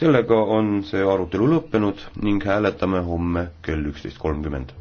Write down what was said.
sellega on see arutelu lõppenud ning hääletame homme kell üksteist kolmkümmend.